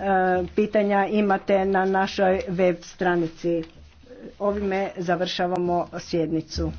E, pitanja imate na našoj web stranici. Ovime završavamo sjednicu.